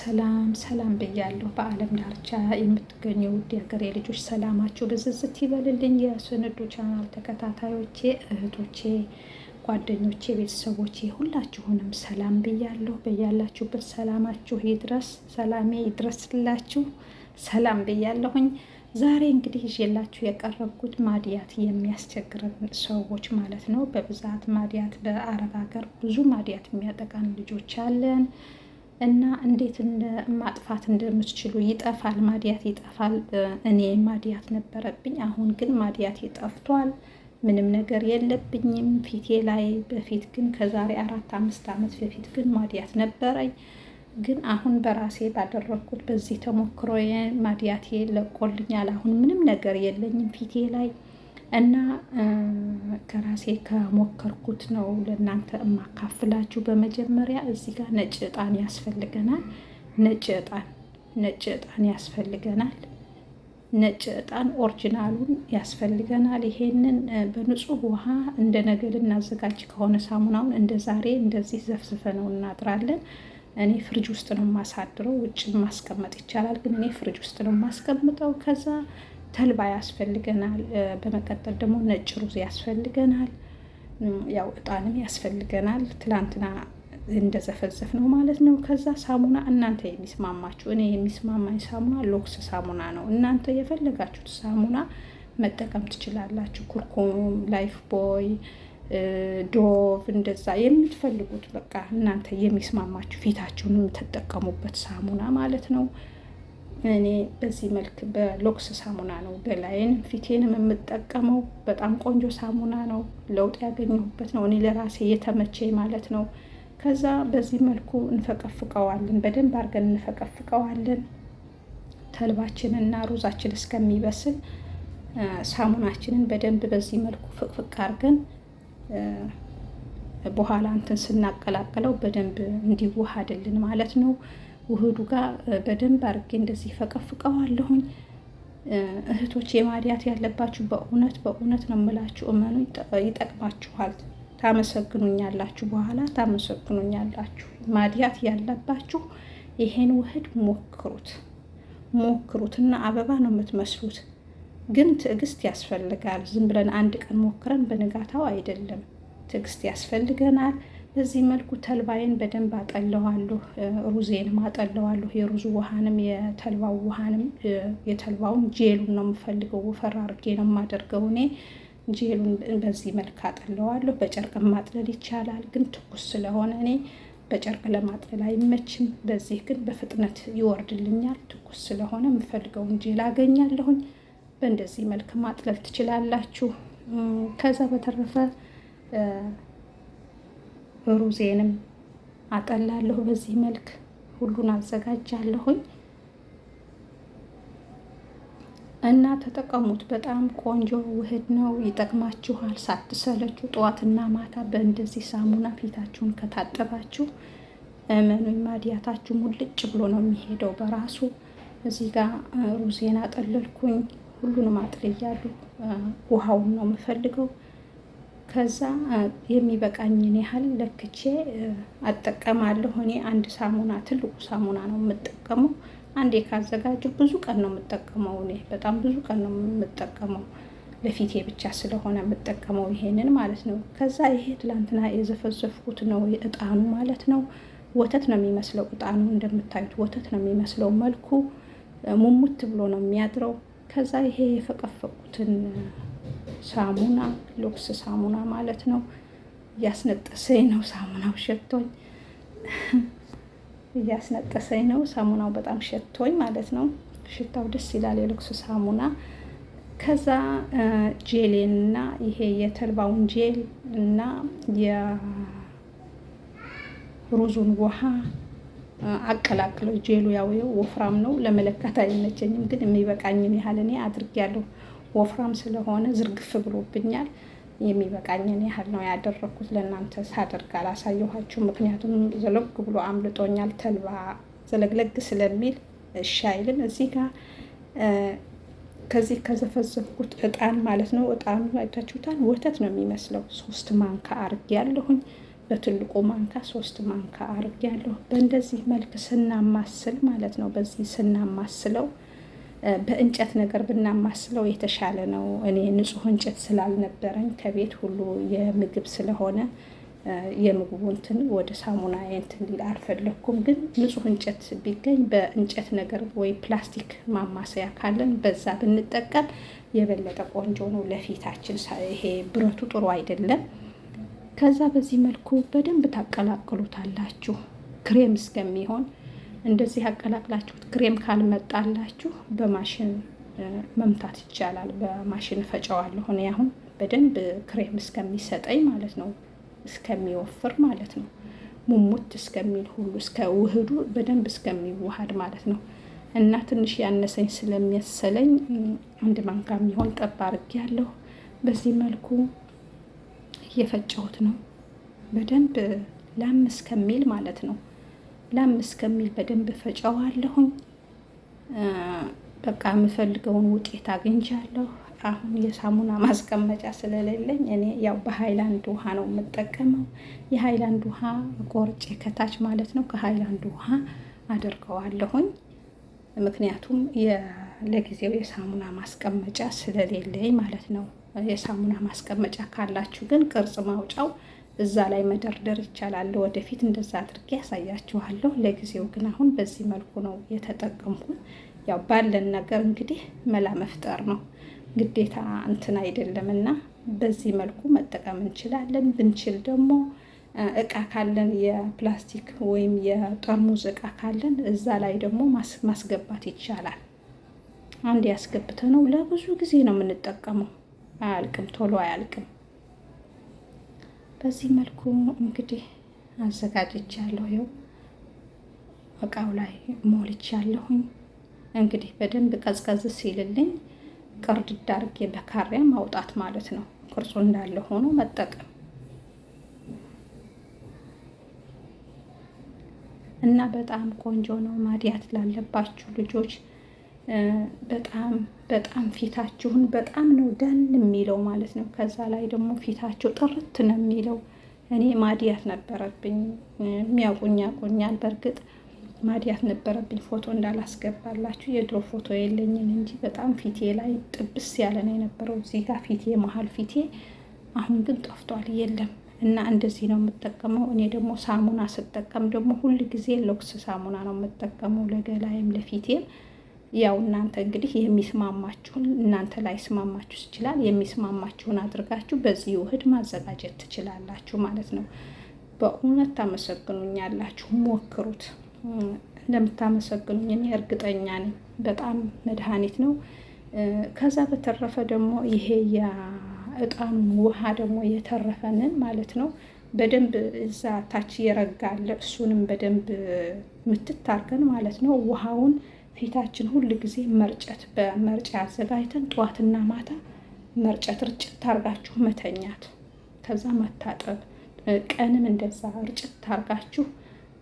ሰላም ሰላም ብያለሁ። በዓለም ዳርቻ የምትገኙ ውድ ሀገሬ ልጆች ሰላማችሁ ብዝዝት ይበልልኝ። የስንዱ ቻናል ተከታታዮቼ፣ እህቶቼ፣ ጓደኞቼ፣ ቤተሰቦቼ ሁላችሁንም ሰላም ብያለሁ። በያላችሁበት ሰላማችሁ ይድረስ፣ ሰላሜ ይድረስላችሁ። ሰላም ብያለሁኝ። ዛሬ እንግዲህ ይዤላችሁ የቀረብኩት ማድያት የሚያስቸግረን ሰዎች ማለት ነው። በብዛት ማድያት በአረብ ሀገር ብዙ ማድያት የሚያጠቃን ልጆች አለን እና እንዴት ማጥፋት እንደምትችሉ ይጠፋል። ማዲያት ይጠፋል። እኔ ማዲያት ነበረብኝ፣ አሁን ግን ማዲያት ጠፍቷል። ምንም ነገር የለብኝም ፊቴ ላይ። በፊት ግን ከዛሬ አራት አምስት ዓመት በፊት ግን ማዲያት ነበረኝ፣ ግን አሁን በራሴ ባደረግኩት በዚህ ተሞክሮ ማድያቴ ለቆልኛል። አሁን ምንም ነገር የለኝም ፊቴ ላይ እና ከራሴ ከሞከርኩት ነው ለእናንተ እማካፍላችሁ። በመጀመሪያ እዚህ ጋር ነጭ እጣን ያስፈልገናል። ነጭ እጣን ነጭ እጣን ያስፈልገናል። ነጭ እጣን ኦሪጂናሉን ያስፈልገናል። ይሄንን በንጹህ ውሃ እንደ ነገ ልናዘጋጅ ከሆነ ሳሙናውን እንደ ዛሬ እንደዚህ ዘፍዝፈ ነው እናጥራለን። እኔ ፍርጅ ውስጥ ነው የማሳድረው። ውጭ ማስቀመጥ ይቻላል፣ ግን እኔ ፍርጅ ውስጥ ነው የማስቀምጠው። ከዛ ተልባ ያስፈልገናል። በመቀጠል ደግሞ ነጭ ሩዝ ያስፈልገናል። ያው እጣንም ያስፈልገናል። ትላንትና እንደዘፈዘፍ ነው ማለት ነው። ከዛ ሳሙና እናንተ የሚስማማችሁ እኔ የሚስማማኝ ሳሙና ሎክስ ሳሙና ነው። እናንተ የፈለጋችሁት ሳሙና መጠቀም ትችላላችሁ። ኩርኩም፣ ላይፍ ቦይ፣ ዶቭ እንደዛ የምትፈልጉት በቃ እናንተ የሚስማማችሁ ፊታችሁን የምትጠቀሙበት ሳሙና ማለት ነው። እኔ በዚህ መልክ በሎክስ ሳሙና ነው ገላይን ፊቴንም የምጠቀመው። በጣም ቆንጆ ሳሙና ነው፣ ለውጥ ያገኘሁበት ነው እኔ ለራሴ እየተመቼ ማለት ነው። ከዛ በዚህ መልኩ እንፈቀፍቀዋለን፣ በደንብ አድርገን እንፈቀፍቀዋለን። ተልባችንና ሩዛችን እስከሚበስል ሳሙናችንን በደንብ በዚህ መልኩ ፍቅፍቅ አድርገን በኋላ እንትን ስናቀላቅለው በደንብ እንዲዋሃድልን ማለት ነው። ውህዱ ጋር በደንብ አርጌ እንደዚህ ፈቀፍቀዋለሁኝ። እህቶች የማዲያት ያለባችሁ በእውነት በእውነት ነው የምላችሁ፣ እመኑ፣ ይጠቅማችኋል። ታመሰግኑኛላችሁ፣ በኋላ ታመሰግኑኛላችሁ። ማዲያት ያለባችሁ ይሄን ውህድ ሞክሩት፣ ሞክሩት እና አበባ ነው የምትመስሉት። ግን ትዕግስት ያስፈልጋል። ዝም ብለን አንድ ቀን ሞክረን በንጋታው አይደለም፣ ትዕግስት ያስፈልገናል። በዚህ መልኩ ተልባዬን በደንብ አጠለዋለሁ፣ ሩዜንም አጠለዋለሁ። የሩዙ ውሃንም የተልባው ውሃንም የተልባውን ጄሉን ነው የምፈልገው። ወፈር አድርጌ ነው የማደርገው እኔ ጄሉን በዚህ መልክ አጠለዋለሁ። በጨርቅ ማጥለል ይቻላል፣ ግን ትኩስ ስለሆነ እኔ በጨርቅ ለማጥለል አይመችም። በዚህ ግን በፍጥነት ይወርድልኛል። ትኩስ ስለሆነ የምፈልገውን ጄል አገኛለሁኝ። በእንደዚህ መልክ ማጥለል ትችላላችሁ። ከዛ በተረፈ ሩዜንም አጠላለሁ። በዚህ መልክ ሁሉን አዘጋጃለሁኝ እና ተጠቀሙት። በጣም ቆንጆ ውህድ ነው፣ ይጠቅማችኋል። ሳትሰለቹ ጠዋትና ማታ በእንደዚህ ሳሙና ፊታችሁን ከታጠባችሁ እመኑኝ ማዲያታችሁ ሙልጭ ብሎ ነው የሚሄደው በራሱ። እዚህ ጋር ሩዜን አጠለልኩኝ። ሁሉንም አጥልያለሁ። ውሃውን ነው የምፈልገው። ከዛ የሚበቃኝን ያህል ለክቼ አጠቀማለሁ። እኔ አንድ ሳሙና ትልቁ ሳሙና ነው የምጠቀመው። አንዴ ካዘጋጀው ብዙ ቀን ነው የምጠቀመው። እኔ በጣም ብዙ ቀን ነው የምጠቀመው። ለፊቴ ብቻ ስለሆነ የምጠቀመው ይሄንን ማለት ነው። ከዛ ይሄ ትላንትና የዘፈዘፍኩት ነው እጣኑ ማለት ነው። ወተት ነው የሚመስለው እጣኑ፣ እንደምታዩት ወተት ነው የሚመስለው መልኩ። ሙሙት ብሎ ነው የሚያድረው። ከዛ ይሄ የፈቀፈቁትን ሳሙና ሉክስ ሳሙና ማለት ነው። እያስነጠሰኝ ነው ሳሙናው ሸቶኝ፣ እያስነጠሰኝ ነው ሳሙናው በጣም ሸቶኝ ማለት ነው። ሽታው ደስ ይላል የሉክስ ሳሙና። ከዛ ጄሌን እና ይሄ የተልባውን ጄል እና የሩዙን ውሃ አቀላቅለው ጄሉ ያው ወፍራም ነው ለመለካት አይመቸኝም፣ ግን የሚበቃኝን ያህል እኔ አድርጌያለሁ። ወፍራም ስለሆነ ዝርግፍ ብሎብኛል። የሚበቃኝን ያህል ነው ያደረግኩት። ለእናንተ ሳደርግ አላሳየኋችሁ፣ ምክንያቱም ዘለግ ብሎ አምልጦኛል። ተልባ ዘለግለግ ስለሚል እሺ አይልም። እዚህ ጋር ከዚህ ከዘፈዘፍኩት እጣን ማለት ነው። እጣኑ አይታችሁታል። ወተት ነው የሚመስለው። ሶስት ማንካ ያለሁኝ በትልቁ ማንካ ሶስት ማንካ ያለሁ። በእንደዚህ መልክ ስናማስል ማለት ነው። በዚህ ስናማስለው በእንጨት ነገር ብናማስለው የተሻለ ነው። እኔ ንጹህ እንጨት ስላልነበረኝ ከቤት ሁሉ የምግብ ስለሆነ የምግቡ እንትን ወደ ሳሙና እንትን አልፈለግኩም። ግን ንጹህ እንጨት ቢገኝ በእንጨት ነገር ወይ ፕላስቲክ ማማሰያ ካለን በዛ ብንጠቀም የበለጠ ቆንጆ ነው ለፊታችን። ይሄ ብረቱ ጥሩ አይደለም። ከዛ በዚህ መልኩ በደንብ ታቀላቅሉታላችሁ ክሬም እስከሚሆን እንደዚህ ያቀላቅላችሁት ክሬም ካልመጣላችሁ በማሽን መምታት ይቻላል። በማሽን እፈጨዋለሁ እኔ አሁን በደንብ ክሬም እስከሚሰጠኝ ማለት ነው፣ እስከሚወፍር ማለት ነው፣ ሙሙት እስከሚል ሁሉ እስከ ውህዱ በደንብ እስከሚዋሃድ ማለት ነው። እና ትንሽ ያነሰኝ ስለሚያሰለኝ አንድ ማንካ የሚሆን ጠብ አድርጌያለሁ። በዚህ መልኩ እየፈጨሁት ነው በደንብ ላም እስከሚል ማለት ነው። ላም እስከሚል በደንብ ፈጨዋለሁኝ። በቃ የምፈልገውን ውጤት አግኝቻለሁ። አሁን የሳሙና ማስቀመጫ ስለሌለኝ እኔ ያው በሀይላንድ ውሃ ነው የምጠቀመው። የሀይላንድ ውሃ ጎርጬ ከታች ማለት ነው ከሀይላንድ ውሃ አድርገዋለሁኝ። ምክንያቱም ለጊዜው የሳሙና ማስቀመጫ ስለሌለኝ ማለት ነው። የሳሙና ማስቀመጫ ካላችሁ ግን ቅርጽ ማውጫው እዛ ላይ መደርደር ይቻላል። ወደፊት እንደዛ አድርጌ ያሳያችኋለሁ። ለጊዜው ግን አሁን በዚህ መልኩ ነው የተጠቀምኩት። ያው ባለን ነገር እንግዲህ መላ መፍጠር ነው ግዴታ እንትን አይደለም እና በዚህ መልኩ መጠቀም እንችላለን። ብንችል ደግሞ እቃ ካለን የፕላስቲክ ወይም የጠርሙዝ እቃ ካለን እዛ ላይ ደግሞ ማስገባት ይቻላል። አንድ ያስገብተ ነው ለብዙ ጊዜ ነው የምንጠቀመው። አያልቅም፣ ቶሎ አያልቅም። በዚህ መልኩ እንግዲህ አዘጋጅቻለሁ። ይኸው እቃው ላይ ሞልቻለሁኝ። እንግዲህ በደንብ ቀዝቀዝ ሲልልኝ ቅርድ ዳርጌ በካሪያ ማውጣት ማለት ነው። ቅርጹ እንዳለ ሆኖ መጠቀም እና በጣም ቆንጆ ነው። ማድያት ላለባችሁ ልጆች በጣም በጣም ፊታችሁን በጣም ነው ደን የሚለው ማለት ነው። ከዛ ላይ ደግሞ ፊታችሁ ጥርት ነው የሚለው። እኔ ማድያት ነበረብኝ። የሚያውቁኝ ያውቁኛል። በእርግጥ ማድያት ነበረብኝ። ፎቶ እንዳላስገባላችሁ የድሮ ፎቶ የለኝም እንጂ በጣም ፊቴ ላይ ጥብስ ያለ ነው የነበረው። እዚህ ጋር ፊቴ መሀል ፊቴ አሁን ግን ጠፍቷል፣ የለም እና እንደዚህ ነው የምጠቀመው። እኔ ደግሞ ሳሙና ስጠቀም ደግሞ ሁል ጊዜ ሎክስ ሳሙና ነው የምጠቀመው ለገላይም ለፊቴም ያው እናንተ እንግዲህ የሚስማማችሁን እናንተ ላይ ስማማችሁ ይችላል የሚስማማችሁን አድርጋችሁ በዚህ ውህድ ማዘጋጀት ትችላላችሁ ማለት ነው። በእውነት ታመሰግኑኛላችሁ። ሞክሩት። እንደምታመሰግኑኝ እኔ እርግጠኛ ነኝ። በጣም መድኃኒት ነው። ከዛ በተረፈ ደግሞ ይሄ የእጣኑ ውሃ ደግሞ የተረፈንን ማለት ነው በደንብ እዛ ታች የረጋለ እሱንም በደንብ ምትታርገን ማለት ነው ውሃውን ፊታችን ሁል ጊዜ መርጨት በመርጫ አዘጋጅተን ጠዋትና ማታ መርጨት ርጭት አርጋችሁ መተኛት፣ ከዛ መታጠብ። ቀንም እንደዛ ርጭት አርጋችሁ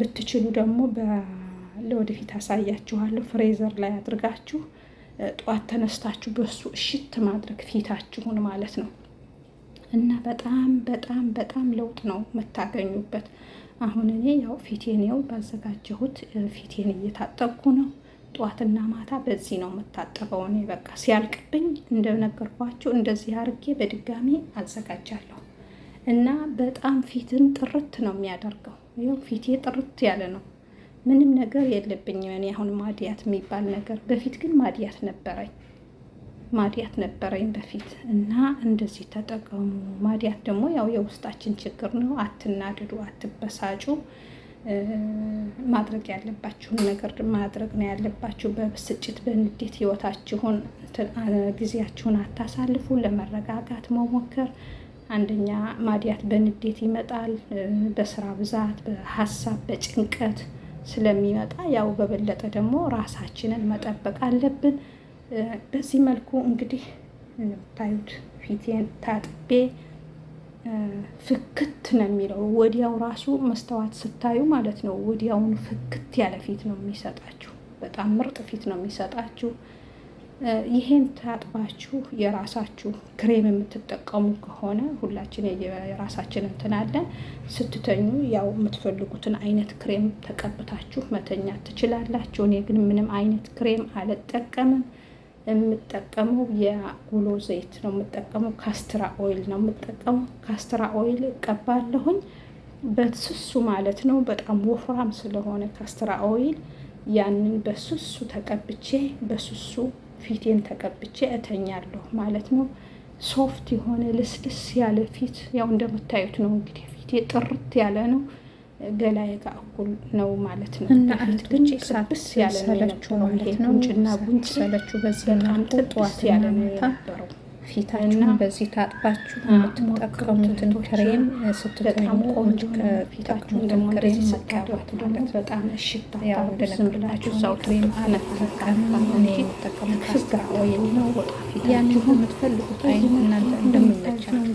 ብትችሉ ደግሞ ለወደፊት አሳያችኋለሁ። ፍሬዘር ላይ አድርጋችሁ ጠዋት ተነስታችሁ በሱ እሽት ማድረግ ፊታችሁን ማለት ነው። እና በጣም በጣም በጣም ለውጥ ነው የምታገኙበት። አሁን እኔ ያው ፊቴን ያው ባዘጋጀሁት ፊቴን እየታጠብኩ ነው። ጠዋትና ማታ በዚህ ነው የምታጠበው። እኔ በቃ ሲያልቅብኝ እንደነገርኳችሁ እንደዚህ አርጌ በድጋሚ አዘጋጃለሁ እና በጣም ፊትን ጥርት ነው የሚያደርገው። ይኸው ፊቴ ጥርት ያለ ነው። ምንም ነገር የለብኝም። እኔ አሁን ማድያት የሚባል ነገር በፊት ግን ማድያት ነበረኝ ማድያት ነበረኝ በፊት እና እንደዚህ ተጠቀሙ። ማድያት ደግሞ ያው የውስጣችን ችግር ነው። አትናድዱ፣ አትበሳጩ። ማድረግ ያለባችሁን ነገር ማድረግ ነው ያለባችሁ። በብስጭት በንዴት ህይወታችሁን ጊዜያችሁን አታሳልፉ። ለመረጋጋት መሞከር አንደኛ ማዲያት በንዴት ይመጣል። በስራ ብዛት፣ በሀሳብ፣ በጭንቀት ስለሚመጣ ያው በበለጠ ደግሞ ራሳችንን መጠበቅ አለብን። በዚህ መልኩ እንግዲህ ታዩት ፊቴን ታጥቤ ፍክት ነው የሚለው። ወዲያው ራሱ መስተዋት ስታዩ ማለት ነው ወዲያውኑ ፍክት ያለ ፊት ነው የሚሰጣችሁ። በጣም ምርጥ ፊት ነው የሚሰጣችሁ። ይሄን ታጥባችሁ የራሳችሁ ክሬም የምትጠቀሙ ከሆነ ሁላችን የራሳችን እንትን አለን። ስትተኙ ያው የምትፈልጉትን አይነት ክሬም ተቀብታችሁ መተኛት ትችላላችሁ። እኔ ግን ምንም አይነት ክሬም አልጠቀምም። የምጠቀመው የጉሎ ዘይት ነው የምጠቀመው። ካስትራ ኦይል ነው የምጠቀመው። ካስትራ ኦይል ቀባለሁኝ በስሱ ማለት ነው። በጣም ወፍራም ስለሆነ ካስትራ ኦይል ያንን በስሱ ተቀብቼ በስሱ ፊቴን ተቀብቼ እተኛለሁ ማለት ነው። ሶፍት የሆነ ልስልስ ያለ ፊት ያው እንደምታዩት ነው እንግዲህ ፊቴ ጥርት ያለ ነው። ገላዬ ጋር እኩል ነው ማለት ነው። ከፊት ግን ሳብስ ማለት ነው። ቁንጭና ቡንጭ ሰለችው በዚህ በጣም ጥጥዋት ያለ ነው ፊታችሁን በዚህ ታጥባችሁ የምትጠቀሙትን ክሬም ስትጠቀሙ ቆንጆ ፊታችሁን ደግሞ እንደዚህ ስቀባት ማለት በጣም እሽታ ብላችሁ ሰው ክሬም አለመጠቀም ጠቀሙ ስራ ወይም ነው ወጣ ፊታችሁ የምትፈልጉት አይነት እናንተ እንደ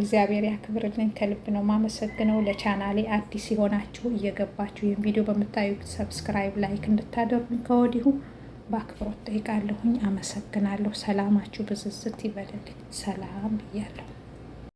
እግዚአብሔር ያክብርልን። ከልብ ነው ማመሰግነው። ለቻናሌ አዲስ የሆናችሁ እየገባችሁ ይህን ቪዲዮ በምታዩት ሰብስክራይብ፣ ላይክ እንድታደርጉኝ ከወዲሁ በአክብሮት ጠይቃለሁኝ። አመሰግናለሁ። ሰላማችሁ ብዝዝት ይበልልኝ። ሰላም ብያለሁ።